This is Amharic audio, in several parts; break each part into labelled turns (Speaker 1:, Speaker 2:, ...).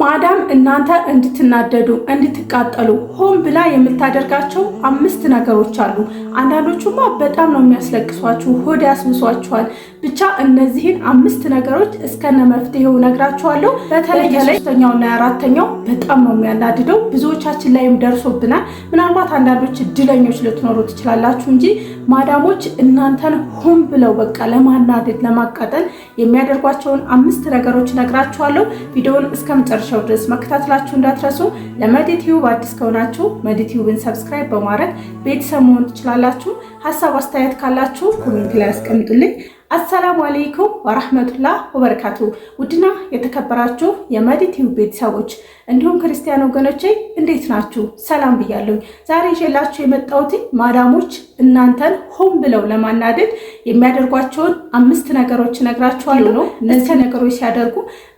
Speaker 1: ማዳም እናንተ እንድትናደዱ እንድትቃጠሉ ሆን ብላ የምታደርጋቸው አምስት ነገሮች አሉ። አንዳንዶቹማ በጣም ነው የሚያስለቅሷችሁ፣ ሆድ ያስብሷችኋል። ብቻ እነዚህን አምስት ነገሮች እስከነ መፍትሄው ነግራችኋለሁ። በተለይ ሶስተኛውና አራተኛው በጣም ነው የሚያናድደው፣ ብዙዎቻችን ላይም ደርሶብናል። ምናልባት አንዳንዶች እድለኞች ልትኖሩ ትችላላችሁ እንጂ ማዳሞች እናንተን ሆን ብለው በቃ ለማናደድ ለማቃጠል የሚያደርጓቸውን አምስት ነገሮች ነግራችኋለሁ። ቪዲዮውን እስከ መጨረሻው ድረስ መከታተላችሁ እንዳትረሱ። ለመዲቲዩብ አዲስ ከሆናችሁ መዲቲዩብን ሰብስክራይብ በማድረግ ቤተሰብ መሆን ትችላላችሁ። ሀሳብ አስተያየት ካላችሁ ኮሜንት ላይ አስቀምጡልኝ። አሰላሙ አለይኩም ወራህመቱላህ ወበረካቱ። ውድና የተከበራችሁ የመዲቲዩብ ቤተሰቦች እንዲሁም ክርስቲያን ወገኖቼ እንዴት ናችሁ? ሰላም ብያለሁ። ዛሬ ይዤላችሁ የመጣሁት ማዳሞች እናንተን ሆን ብለው ለማናደድ የሚያደርጓቸውን አምስት ነገሮች እነግራችኋለሁ ነው። እነዚህ ነገሮች ሲያደርጉ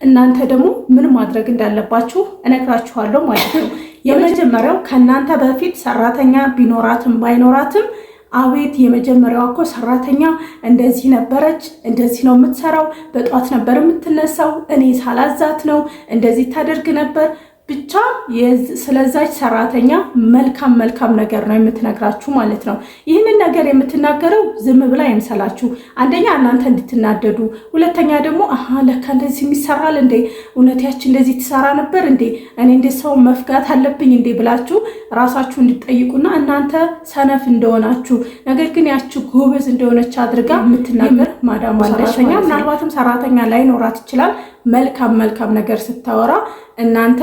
Speaker 1: እናንተ ደግሞ ምን ማድረግ እንዳለባችሁ እነግራችኋለሁ ማለት ነው። የመጀመሪያው ከእናንተ በፊት ሰራተኛ ቢኖራትም ባይኖራትም አቤት የመጀመሪያዋ እኮ ሰራተኛ እንደዚህ ነበረች፣ እንደዚህ ነው የምትሰራው፣ በጧት ነበር የምትነሳው፣ እኔ ሳላዛት ነው እንደዚህ ታደርግ ነበር ብቻ ስለዛች ሰራተኛ መልካም መልካም ነገር ነው የምትነግራችሁ ማለት ነው። ይህንን ነገር የምትናገረው ዝም ብላ አይምሰላችሁ። አንደኛ እናንተ እንድትናደዱ፣ ሁለተኛ ደግሞ አሀ ለካ እንደዚህ የሚሰራል እንዴ እውነትያችን እንደዚህ ትሰራ ነበር እንዴ እኔ እንደ ሰው መፍጋት አለብኝ እንዴ ብላችሁ ራሳችሁ እንድትጠይቁና እናንተ ሰነፍ እንደሆናችሁ ነገር ግን ያች ጎበዝ እንደሆነች አድርጋ የምትናገር ማዳም ምናልባትም ሰራተኛ ላይኖራት ይችላል። መልካም መልካም ነገር ስታወራ እናንተ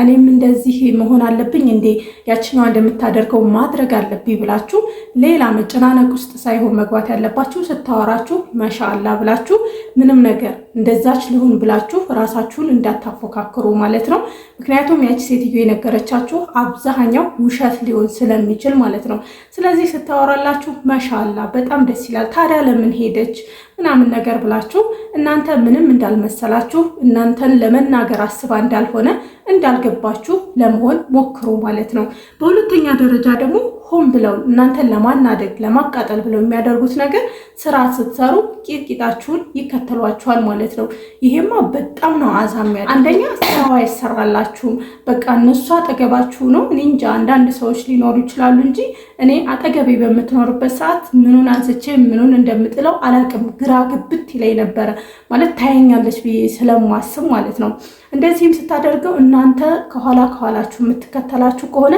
Speaker 1: እኔም እንደዚህ መሆን አለብኝ እንዴ ያችኛዋ እንደምታደርገው ማድረግ አለብኝ ብላችሁ ሌላ መጨናነቅ ውስጥ ሳይሆን መግባት ያለባችሁ ስታወራችሁ መሻላ ብላችሁ ምንም ነገር እንደዛች ልሁን ብላችሁ ራሳችሁን እንዳታፎካክሩ ማለት ነው። ምክንያቱም ያች ሴትዮ የነገረቻችሁ አብዛኛው ውሸት ሊሆን ስለሚችል ማለት ነው። ስለዚህ ስታወራላችሁ መሻላ በጣም ደስ ይላል። ታዲያ ለምን ሄደች ምናምን ነገር ብላችሁ እናንተ ምንም እንዳልመሰላችሁ እናንተን ለመናገር አስባ እንዳልሆነ እንዳልገባችሁ ለመሆን ሞክሩ ማለት ነው። በሁለተኛ ደረጃ ደግሞ ሆን ብለው እናንተን ለማናደግ ለማቃጠል ብለው የሚያደርጉት ነገር ስራ ስትሰሩ ቂጥቂጣችሁን ይከተሏችኋል ማለት ነው። ይሄማ በጣም ነው አዛም ያለ። አንደኛ ስራው አይሰራላችሁም። በቃ እነሱ አጠገባችሁ ነው። እኔ እንጃ አንዳንድ ሰዎች ሊኖሩ ይችላሉ እንጂ እኔ አጠገቤ በምትኖርበት ሰዓት ምኑን አንስቼ ምኑን እንደምጥለው አላቅም። ግራ ግብት ይለኝ ነበረ ማለት ታየኛለች ብዬ ስለማስብ ማለት ነው። እንደዚህም ስታደርገው እናንተ ከኋላ ከኋላችሁ የምትከተላችሁ ከሆነ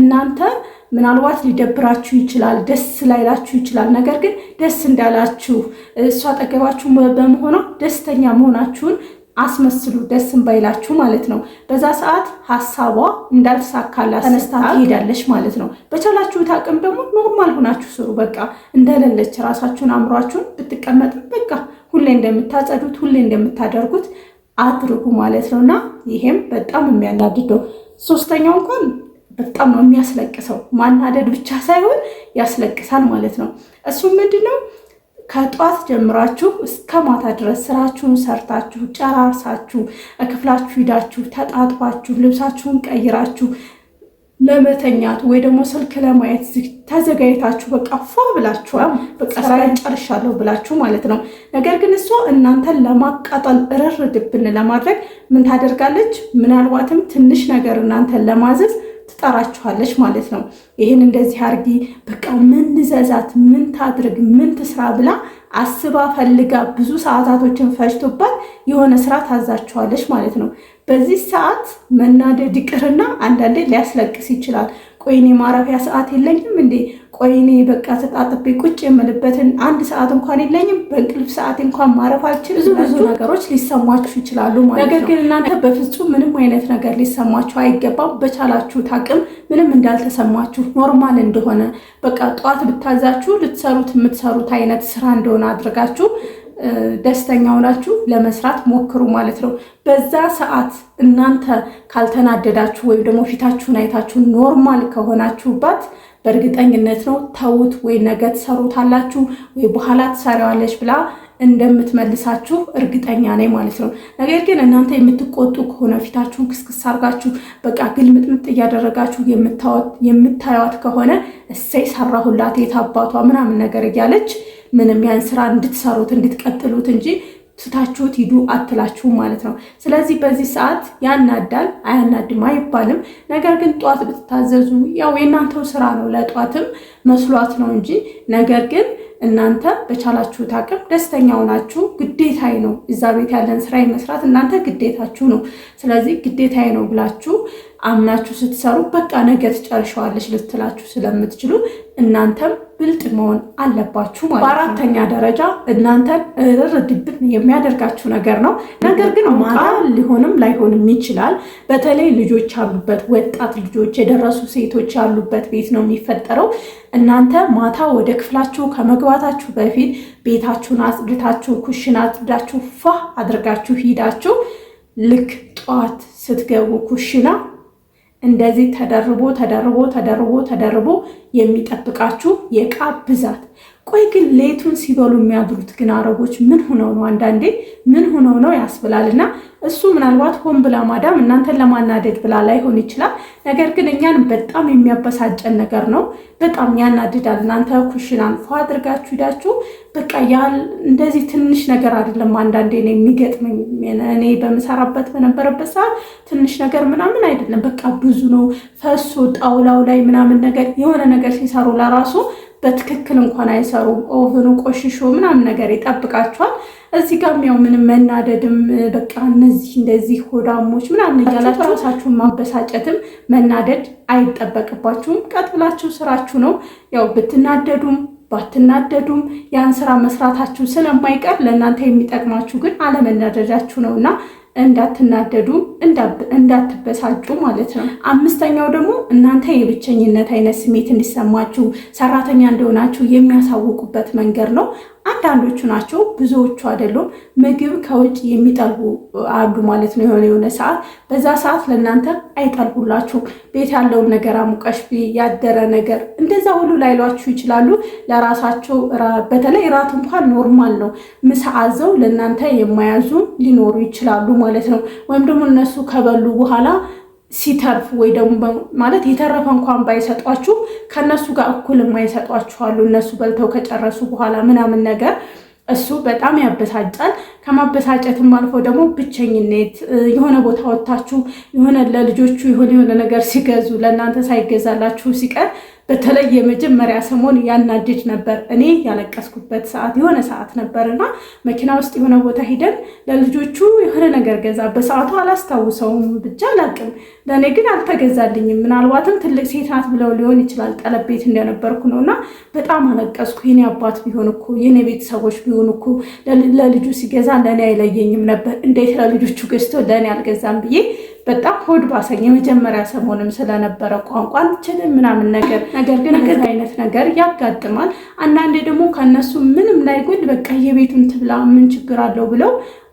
Speaker 1: እናንተ ምናልባት ሊደብራችሁ ይችላል፣ ደስ ላይላችሁ ይችላል። ነገር ግን ደስ እንዳላችሁ እሷ አጠገባችሁ በመሆኗ ደስተኛ መሆናችሁን አስመስሉ፣ ደስ ባይላችሁ ማለት ነው። በዛ ሰዓት ሀሳቧ እንዳልተሳካላት ተነስታ ትሄዳለች ማለት ነው። በቻላችሁት አቅም ደግሞ ኖርማል ሆናችሁ ስሩ። በቃ እንደሌለች ራሳችሁን አእምሯችሁን ብትቀመጥም በቃ ሁሌ እንደምታጸዱት ሁሌ እንደምታደርጉት አድርጉ ማለት ነው እና ይሄም በጣም የሚያናድደው ሶስተኛው እንኳን በጣም ነው የሚያስለቅሰው። ማናደድ ብቻ ሳይሆን ያስለቅሳል ማለት ነው። እሱም ምንድን ነው ከጠዋት ጀምራችሁ እስከ ማታ ድረስ ስራችሁን ሰርታችሁ ጨራርሳችሁ ክፍላችሁ ሂዳችሁ ተጣጥባችሁ ልብሳችሁን ቀይራችሁ ለመተኛት ወይ ደግሞ ስልክ ለማየት ተዘጋጅታችሁ በቃ ፏ ብላችኋል፣ በቃ ስራ ጨርሻለሁ ብላችሁ ማለት ነው። ነገር ግን እሷ እናንተን ለማቃጠል እርር ድብን ለማድረግ ምን ታደርጋለች? ምናልባትም ትንሽ ነገር እናንተን ለማዘዝ ትጠራችኋለች ማለት ነው። ይህን እንደዚህ አርጊ፣ በቃ ምን ልዘዛት፣ ምን ታድርግ፣ ምን ትስራ ብላ አስባ ፈልጋ ብዙ ሰዓታቶችን ፈጅቶባት የሆነ ስራ ታዛችኋለች ማለት ነው። በዚህ ሰዓት መናደድ ይቅርና አንዳንዴ ሊያስለቅስ ይችላል። ቆይኔ ማረፊያ ሰዓት የለኝም እንዴ? ቆይኔ በቃ ተጣጥቤ ቁጭ የምልበትን አንድ ሰዓት እንኳን የለኝም። በእንቅልፍ ሰዓት እንኳን ማረፍ ብዙ ብዙ ነገሮች ሊሰማችሁ ይችላሉ ማለት ነው። ነገር ግን እናንተ በፍጹም ምንም አይነት ነገር ሊሰማችሁ አይገባም። በቻላችሁት አቅም ምንም እንዳልተሰማችሁ ኖርማል እንደሆነ በቃ ጠዋት ብታዛችሁ ልትሰሩት የምትሰሩት አይነት ስራ እንደሆነ አድርጋችሁ ደስተኛ ሆናችሁ ለመስራት ሞክሩ ማለት ነው። በዛ ሰዓት እናንተ ካልተናደዳችሁ ወይም ደግሞ ፊታችሁን አይታችሁ ኖርማል ከሆናችሁባት በእርግጠኝነት ነው ተውት ወይ ነገ ትሰሩታላችሁ ወይ በኋላ ትሰሪዋለች ብላ እንደምትመልሳችሁ እርግጠኛ ነኝ ማለት ነው። ነገር ግን እናንተ የምትቆጡ ከሆነ ፊታችሁን ክስክስ አርጋችሁ በቃ ግልምጥምጥ እያደረጋችሁ የምታዩት ከሆነ እሰይ ሰራሁላት የታባቷ ምናምን ነገር እያለች ምንም ያን ስራ እንድትሰሩት እንድትቀጥሉት እንጂ ትታችሁት ሂዱ አትላችሁም ማለት ነው። ስለዚህ በዚህ ሰዓት ያናዳል አያናድም አይባልም። ነገር ግን ጠዋት ብትታዘዙ ያው የእናንተው ስራ ነው፣ ለጠዋትም መስሏት ነው እንጂ ነገር ግን እናንተ በቻላችሁት አቅም ደስተኛው ናችሁ። ግዴታዬ ነው እዛ ቤት ያለን ስራ መስራት እናንተ ግዴታችሁ ነው። ስለዚህ ግዴታዬ ነው ብላችሁ አምናችሁ ስትሰሩ በቃ ነገ ትጨርሸዋለች ልትላችሁ ስለምትችሉ እናንተም ብልጥ መሆን አለባችሁ ማለት ነው። በአራተኛ ደረጃ እናንተን እርር ድብን የሚያደርጋችሁ ነገር ነው። ነገር ግን ማ ሊሆንም ላይሆንም ይችላል። በተለይ ልጆች ያሉበት ወጣት ልጆች የደረሱ ሴቶች ያሉበት ቤት ነው የሚፈጠረው። እናንተ ማታ ወደ ክፍላችሁ ከመግባታችሁ በፊት ቤታችሁን አጽድታችሁ ኩሽን አጽዳችሁ ፋ አድርጋችሁ ሂዳችሁ ልክ ጠዋት ስትገቡ ኩሽና እንደዚህ ተደርቦ ተደርቦ ተደርቦ ተደርቦ የሚጠብቃችሁ የዕቃ ብዛት ቆይ ግን ሌቱን ሲበሉ የሚያድሩት ግን አረቦች ምን ሆነው ነው? አንዳንዴ ምን ሆነው ነው ያስብላል። እና እሱ ምናልባት ሆን ብላ ማዳም እናንተን ለማናደድ ብላ ላይሆን ይችላል። ነገር ግን እኛን በጣም የሚያበሳጨን ነገር ነው። በጣም ያናድዳል። እናንተ ኩሽናን ፏ አድርጋችሁ ሂዳችሁ በቃ ያህል እንደዚህ ትንሽ ነገር አይደለም። አንዳንዴ ነው የሚገጥመኝ። እኔ በምሰራበት በነበረበት ሰዓት ትንሽ ነገር ምናምን አይደለም፣ በቃ ብዙ ነው። ፈሶ ጣውላው ላይ ምናምን ነገር የሆነ ነገር ሲሰሩ ለራሱ በትክክል እንኳን አይሰሩም። ኦቨኑ ቆሽሾ ምናምን ነገር ይጠብቃቸዋል። እዚህ ጋም ያው ምንም መናደድም በቃ እነዚህ እንደዚህ ሆዳሞች ምናምን እያላችሁ ራሳችሁን ማበሳጨትም መናደድ አይጠበቅባችሁም። ቀጥ ብላችሁ ስራችሁ ነው። ያው ብትናደዱም ባትናደዱም ያን ስራ መስራታችሁ ስለማይቀር ለእናንተ የሚጠቅማችሁ ግን አለመናደዳችሁ ነው እና እንዳትናደዱ እንዳትበሳጩ ማለት ነው። አምስተኛው ደግሞ እናንተ የብቸኝነት አይነት ስሜት እንዲሰማችሁ ሰራተኛ እንደሆናችሁ የሚያሳውቁበት መንገድ ነው። አንዳንዶቹ ናቸው፣ ብዙዎቹ አይደሉም። ምግብ ከውጭ የሚጠልቡ አሉ ማለት ነው። የሆነ የሆነ ሰዓት በዛ ሰዓት ለእናንተ አይጠልቡላችሁ። ቤት ያለውን ነገር አሙቀሽ ያደረ ነገር እንደዛ ሁሉ ላይሏችሁ ይችላሉ። ለራሳቸው በተለይ ራት እንኳን ኖርማል ነው። ምሳ አዘው ለእናንተ የማያዙ ሊኖሩ ይችላሉ ማለት ነው። ወይም ደግሞ እነሱ ከበሉ በኋላ ሲተርፍ ወይ ደግሞ ማለት የተረፈ እንኳን ባይሰጧችሁ ከእነሱ ጋር እኩል የማይሰጧችኋሉ እነሱ በልተው ከጨረሱ በኋላ ምናምን ነገር እሱ በጣም ያበሳጫል። ከማበሳጨትም አልፎ ደግሞ ብቸኝነት፣ የሆነ ቦታ ወጥታችሁ የሆነ ለልጆቹ የሆነ የሆነ ነገር ሲገዙ ለእናንተ ሳይገዛላችሁ ሲቀር በተለይ የመጀመሪያ ሰሞን ያናድድ ነበር። እኔ ያለቀስኩበት ሰዓት የሆነ ሰዓት ነበር እና መኪና ውስጥ የሆነ ቦታ ሂደን ለልጆቹ የሆነ ነገር ገዛ። በሰዓቱ አላስታውሰውም፣ ብቻ አላቅም። ለእኔ ግን አልተገዛልኝም። ምናልባትም ትልቅ ሴት ናት ብለው ሊሆን ይችላል። ጠለቤት እንደነበርኩ ነው እና በጣም አለቀስኩ። የኔ አባት ቢሆን እኮ የኔ ቤተሰቦች ቢሆን እኮ ለልጁ ሲገዛ ለእኔ አይለየኝም ነበር። እንዴት ለልጆቹ ገዝቶ ለእኔ አልገዛም ብዬ በጣም ሆድ ባሰኝ። የመጀመሪያ ሰሞንም ስለነበረ ቋንቋ አልችልም ምናምን ነገር ነገር ግን ግ አይነት ነገር ያጋጥማል። አንዳንዴ ደግሞ ከእነሱ ምንም ላይ ጎድ በቃ የቤቱን ትብላ ምን ችግር አለው ብለው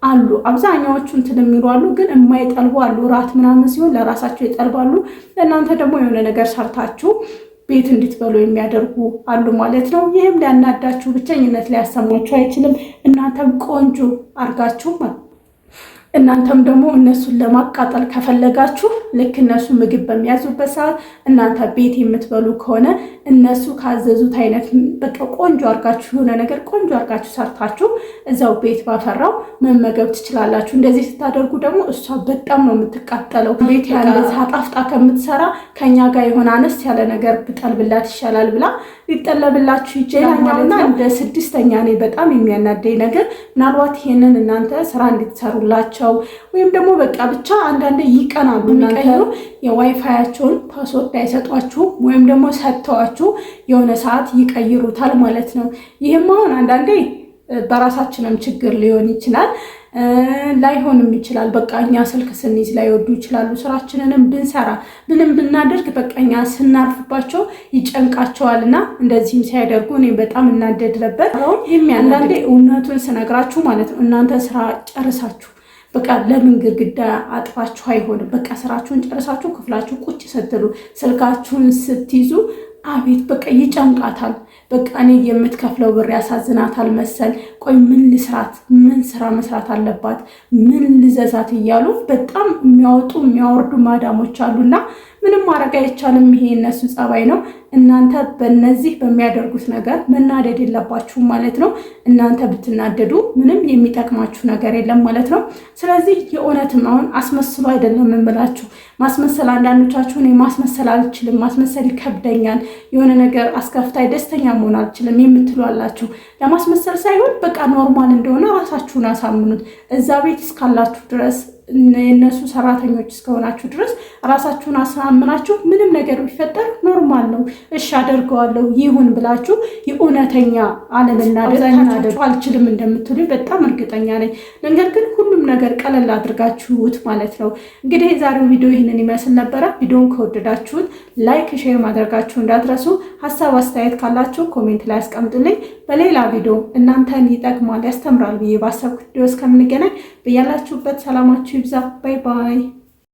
Speaker 1: አሉ አብዛኛዎቹ እንትን የሚሉ አሉ፣ ግን የማይጠልቡ አሉ። ራት ምናምን ሲሆን ለራሳቸው ይጠልባሉ። ለእናንተ ደግሞ የሆነ ነገር ሰርታችሁ ቤት እንድትበሉ የሚያደርጉ አሉ ማለት ነው። ይህም ሊያናዳችሁ፣ ብቸኝነት ሊያሰማችሁ አይችልም። እናንተም ቆንጆ አድርጋችሁ እናንተም ደግሞ እነሱን ለማቃጠል ከፈለጋችሁ ልክ እነሱ ምግብ በሚያዙበት ሰዓት እናንተ ቤት የምትበሉ ከሆነ እነሱ ካዘዙት አይነት በቃ ቆንጆ አርጋችሁ የሆነ ነገር ቆንጆ አርጋችሁ ሰርታችሁ እዛው ቤት ባፈራው መመገብ ትችላላችሁ። እንደዚህ ስታደርጉ ደግሞ እሷ በጣም ነው የምትቃጠለው። ቤት ያለ አጣፍጣ ከምትሰራ ከኛ ጋር የሆነ አነስ ያለ ነገር ብጠልብላት ይሻላል ብላ ሊጠለብላችሁ ይችላልና እንደ ስድስተኛ ኔ በጣም የሚያናደኝ ነገር ምናልባት ይሄንን እናንተ ስራ እንድትሰሩላቸው ወይም ደግሞ በቃ ብቻ አንዳንድ ይቀናሉ። የሚቀይሩ የዋይፋያቸውን ፓስወርድ አይሰጧችሁ ወይም ደግሞ ሰጥተዋችሁ የሆነ ሰዓት ይቀይሩታል ማለት ነው። ይህም አሁን አንዳንዴ በራሳችንም ችግር ሊሆን ይችላል፣ ላይሆንም ይችላል። በቃኛ ስልክ ስንይዝ ላይወዱ ይችላሉ። ስራችንንም ብንሰራ ምንም ብናደርግ በቃኛ ስናርፍባቸው ይጨንቃቸዋል እና እንደዚህም ሲያደርጉ እኔ በጣም እናደድ ነበር። ይህም አንዳንዴ እውነቱን ስነግራችሁ ማለት ነው እናንተ ስራ ጨርሳችሁ በቃ ለምን ግድግዳ አጥፋችሁ አይሆንም። በቃ ስራችሁን ጨርሳችሁ ክፍላችሁ ቁጭ ስትሉ ስልካችሁን ስትይዙ አቤት በቃ ይጨንቃታል። በቃ እኔ የምትከፍለው ብር ያሳዝናታል መሰል። ቆይ ምን ልስራት፣ ምን ስራ መስራት አለባት፣ ምን ልዘዛት እያሉ በጣም የሚያወጡ የሚያወርዱ ማዳሞች አሉና ምንም ማድረግ አይቻልም። ይሄ የነሱ ጸባይ ነው። እናንተ በነዚህ በሚያደርጉት ነገር መናደድ የለባችሁም ማለት ነው። እናንተ ብትናደዱ ምንም የሚጠቅማችሁ ነገር የለም ማለት ነው። ስለዚህ የእውነትም አሁን አስመስሉ አይደለም የምላችሁ። ማስመሰል አንዳንዶቻችሁን ማስመሰል አልችልም፣ ማስመሰል ይከብደኛል፣ የሆነ ነገር አስከፍታይ ደስተኛ መሆን አልችልም የምትሉ አላችሁ። ለማስመሰል ሳይሆን በቃ ኖርማል እንደሆነ ራሳችሁን አሳምኑት። እዛ ቤት እስካላችሁ ድረስ የእነሱ ሰራተኞች እስከሆናችሁ ድረስ ራሳችሁን አሳምናችሁ ምንም ነገር ቢፈጠር ኖርማል ነው፣ እሺ አደርገዋለሁ ይሁን ብላችሁ የእውነተኛ አለመናደር አልችልም እንደምትሉ በጣም እርግጠኛ ነኝ። ነገር ግን ሁሉም ነገር ቀለል አድርጋችሁት ማለት ነው። እንግዲህ የዛሬው ቪዲዮ ይህንን ይመስል ነበረ። ቪዲዮን ከወደዳችሁት ላይክ፣ ሼር ማድረጋችሁ እንዳትረሱ። ሀሳብ አስተያየት ካላችሁ ኮሜንት ላይ አስቀምጡልኝ። በሌላ ቪዲዮ እናንተን ይጠቅማል፣ ያስተምራል ብዬ ባሰብኩት ቪዲዮ እስከምንገናኝ በያላችሁበት ሰላማችሁ ይብዛ። ባይ ባይ።